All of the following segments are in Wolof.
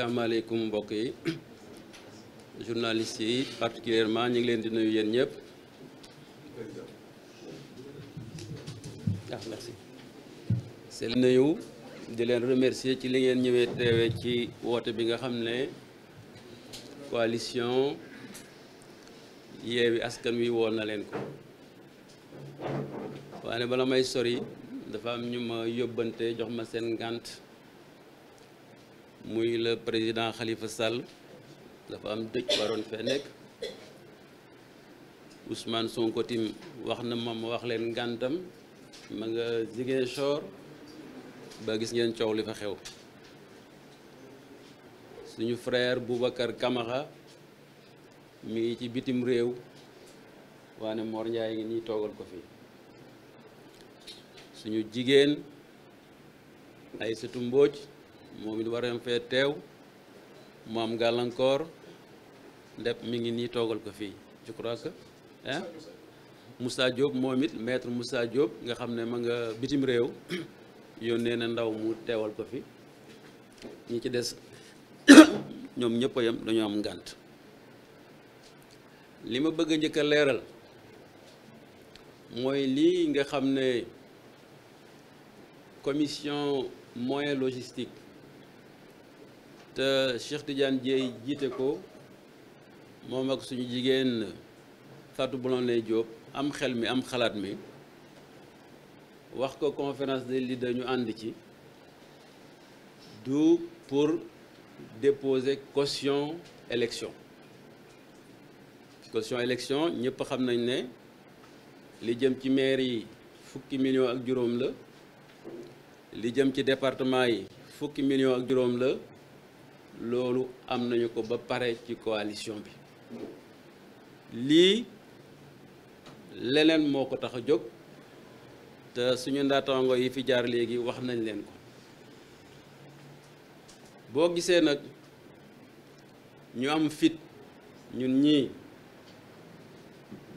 asalaamaaleykum mbokk yi journalistes yi particulièrement ñu ngi leen di nuyu yeen ñëpp ah merci c'est nuyu di leen remercier ci li ngeen ñëwé téwé ci wote bi nga xamné coalition Yewwi Askan Wi woon na leen ko waane bala may sori dafa am ñuma yobante jox ma seen gante muy le président Khalifa Sall dafa am dëj waroon fee nekk Ousmane sonkotim wax na ma ma wax leen ngàntam ma nga soor ba gis ngeen coow li fa xew suñu frère Boubacar Camara mi ngi ci bitim réew waane Mor Ndiaye ngi nii toogal ko fi suñu jigéen Aïssatou Mbodj moom it wareem fee teew mu gàllankoor ndep mi ngi nii toogal ko fii je crois que ah Moussa moom it maître Moussa nga xam ne ma nga bitim réew yónnee na ndaw mu teewal ko fi ñi ci des ñoom ñëpp a yem dañoo am ngànt li ma bëgg a njëkk a leeral mooy lii nga xam ne commission moyen logistique te Cheikh Tidiane Dieye jité ko mom ak suñu jigéen Fatou Blondin Diop am xel mi am xalat mi wax ko conférence des leaders ñu and ci du pour déposer caution élection caution élection ñepp xam nañ ne li jëm ci maire yi fukki millions ak juroom la li jëm ci département yi fukki millions ak juroom la loolu am nañu ko ba pare ci coalition bi lii leneen moo ko tax a jóg te suñu ndaataango yi fi jaar léegi wax nañ leen ko boo gisee nag ñu am fit ñun ñii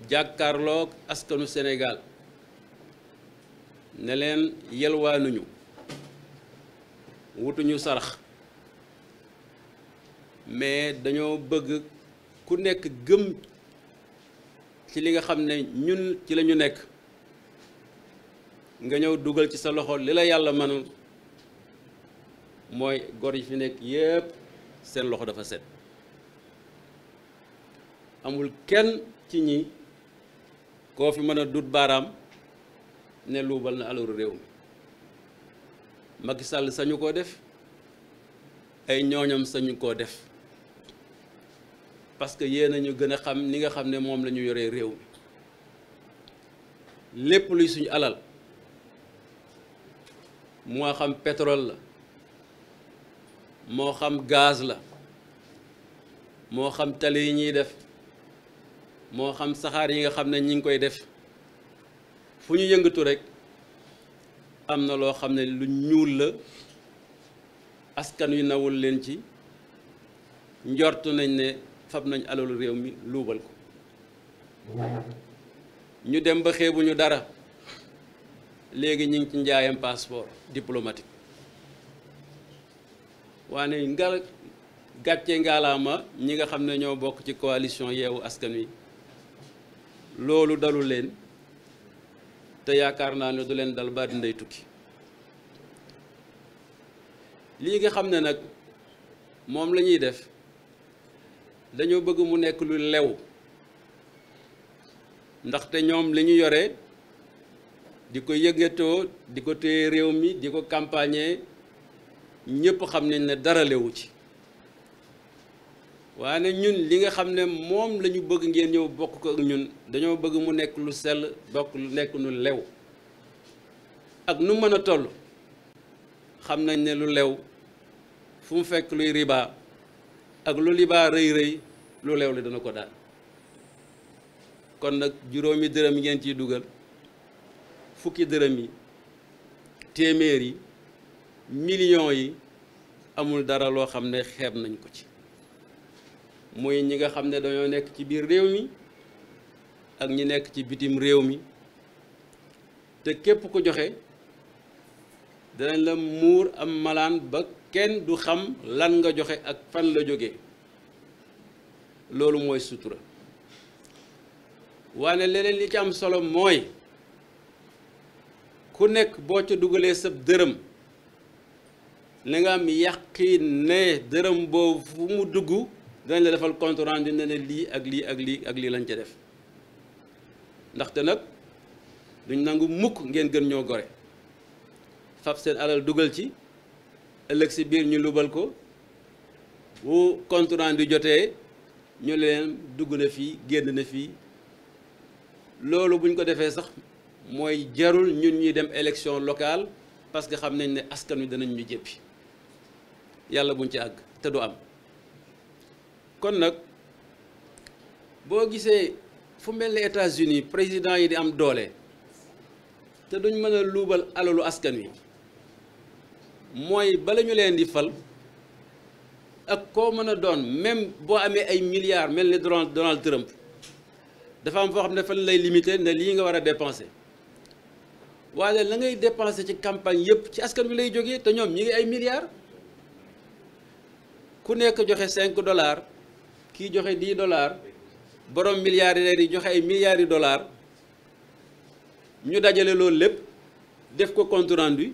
jàkkaarloog askanu senegaal ne leen yelwaanuñu wutuñu sarax mais dañoo bëgg ku nekk gëm ci li nga xam ne ñun ci la ñu nekk nga ñëw dugal ci sa loxo li la yàlla mënul mooy gor yi fi nekk yépp seen loxo dafa set amul kenn ci ñi koo fi mën a dut baaraam ne luubal na alalu réew mi Macky Sall sañu koo def ay ñooñam sañu koo def parce que yéen a ñu gën a xam ni nga xam ne moom lañu ñu yoree réew lépp luy suñu alal moo xam pétrole la moo xam gaz la moo xam tali yi ñuy def moo xam saxaar yi nga xam ne ñu ngi koy def fu ñu yëngatu rek am na loo xam ne lu ñuul la askan wi nawul leen ci njortu nañ ne fab nañ alalu réew mi luubal ko ñu dem ba xeebuñu dara léegi ñu ngi ci njaayam passeport diplomatique waane nga gàcce ngaalaama ñi nga xam ne ñoo bokk ci coalition yeewu askan wi loolu dalu leen te yaakaar naa ne du leen dal ba dinday tukki lii nga xam ne nag moom la ñuy def dañoo bëgg mu nekk lu lew ndaxte ñoom li ñu yore di ko yëngatoo di ko téye réew mi di ko campagner ñëpp xam nañ ne dara lewu ci waaye ñun li nga xam ne moom lañu bëgg ngeen ñëw bokk ko ak ñun dañoo bëgg mu nekk lu sell bokk lu nekk lu lew ak nu mën a toll xam nañ ne lu lew fu mu fekk luy ribaa ak lu libaa rëy rëy lu leew li dana ko daan kon nag juróomi dërëm ngeen ciy dugal fukki dërëm yi téeméer yi millions yi amul dara loo xam ne xeeb nañ ko ci muy ñi nga xam ne dañoo nekk ci biir réew mi ak ñi nekk ci bitim réew mi te képp ko joxe danañ la muur am malaan ba kenn du xam lan nga joxe ak fan la jóge loolu mooy sutura wane leneen li ci am solo mooy ku nekk boo ca dugalee sab dërëm na nga am yàqin ne dërëm boobu fu mu dugg dinañ la defal compte rendu ne lii ak lii ak lii ak lii lañ ca def ndaxte nag duñ nangu mukk ngeen gën ñoo gore fab seen alal dugal ci ëllëg si biir ñu lubal ko bu compte rendu jotee ñu leen dugg na fii génn na fii loolu buñ ko sax jarul ñun dem élection locale parce que xam nañ askan wi ñu buñ ci te du am kon nag boo gisee fu mel États-Unis président yi di am dolé. te duñ mën a luubal askan moy bala len leen di fal ak ko même si amé ay milliards melni Donald Trump dafa am fo xamné ne lay limité nga dépenser waaye la ngay dépenser ci campagne yépp ci askan wi lay ñi ngi ay milliards ku nekk 5 dollars qui 10 dollars borom milliards, yi milliards de dollars ñu dajalé milliard, lepp def ko compte rendu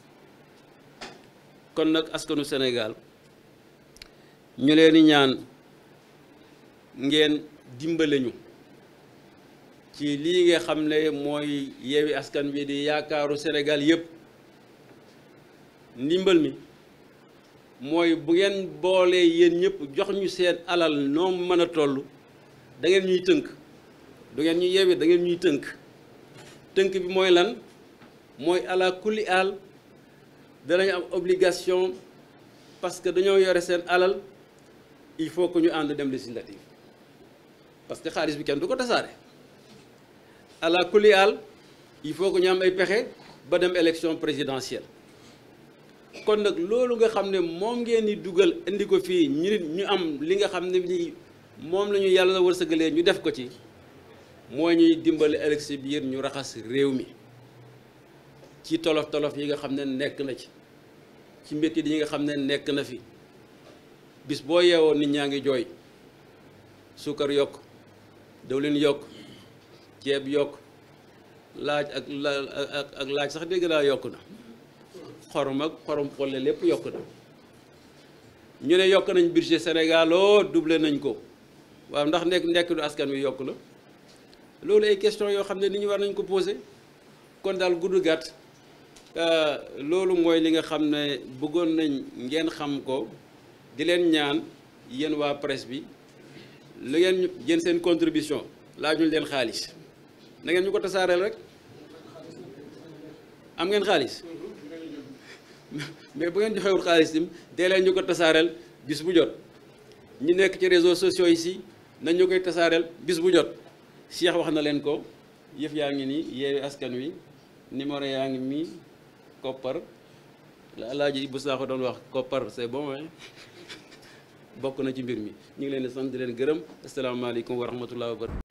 kon nag askanu senegaal ñu leen di ñaan ngeen dimbale ñu ci lii nga xam ne mooy yeewi askan bi di yaakaaru Sénégal yépp ndimbal mi mooy bu ngeen boolee yéen ñëpp jox ñu seen alal noo mën a toll dangeen ñuy tënk du ngeen ñu yeewi dangeen ñuy tënk tënk bi mooy lan mooy ala kulli aal danañ am obligation parce que dañoo yoré sen alal il faut que ñu ànd dem législative parce que xaalis bi kenn du ko tasaare àla kulli al il faut que ñu am ay pexé ba dem élection présidentielle kon nak lolu nga xamné mom ngeen ni duggal indi ko fii ñu ñu am li nga xamné ni mom lañu yalla yàlla wërsëgalee ñu def ko ci mooy ñuy dimbali élection biir ñu raxas réew mi ci tolof tolof yi nga xam ne nekk na ci ci métti yi nga xam ne nekk na fi bis boo yeewoo nit ñaa ngi jooy suukar yokk dawlin yokk ceeb yokk laaj ak ak laaj sax dégg laa yokk na xorom ak xorom xolle lépp yokk na ñu ne yokk nañ budget Sénégal oo oh, nañ ko waaw ndax nekk nekk du askan wi yokk la loolu ay question yoo xam ne nit ñi war nañ ko posé kon daal gudd gàtt Euh, loolu mooy li nga xam ne bëggoon nañ ngeen xam ko di leen ñaan yéen waa presse bi li ngeen jën seen contribution laajuñ leen xaalis na ngeen ñu ko tasaareel rek am ngeen xaalis mais bu ngeen joxewul xaalis tim dee leen ñu ko tasaareel bis bu jot ñu nekk ci réseaux sociaux yi si nañ ñu koy tasaareel bis bu jot Cheikh wax na leen ko yëf yaa ngi nii yeewi askan wi numéro yaa ngi mii koppar la alaaji Ibou Sakho doon wax koppar c'est bon hein bokk na ci mbir mi ñu ngi leen di sant di leen gërëm asalaamaaleykum wa rahmatulah wa barakatu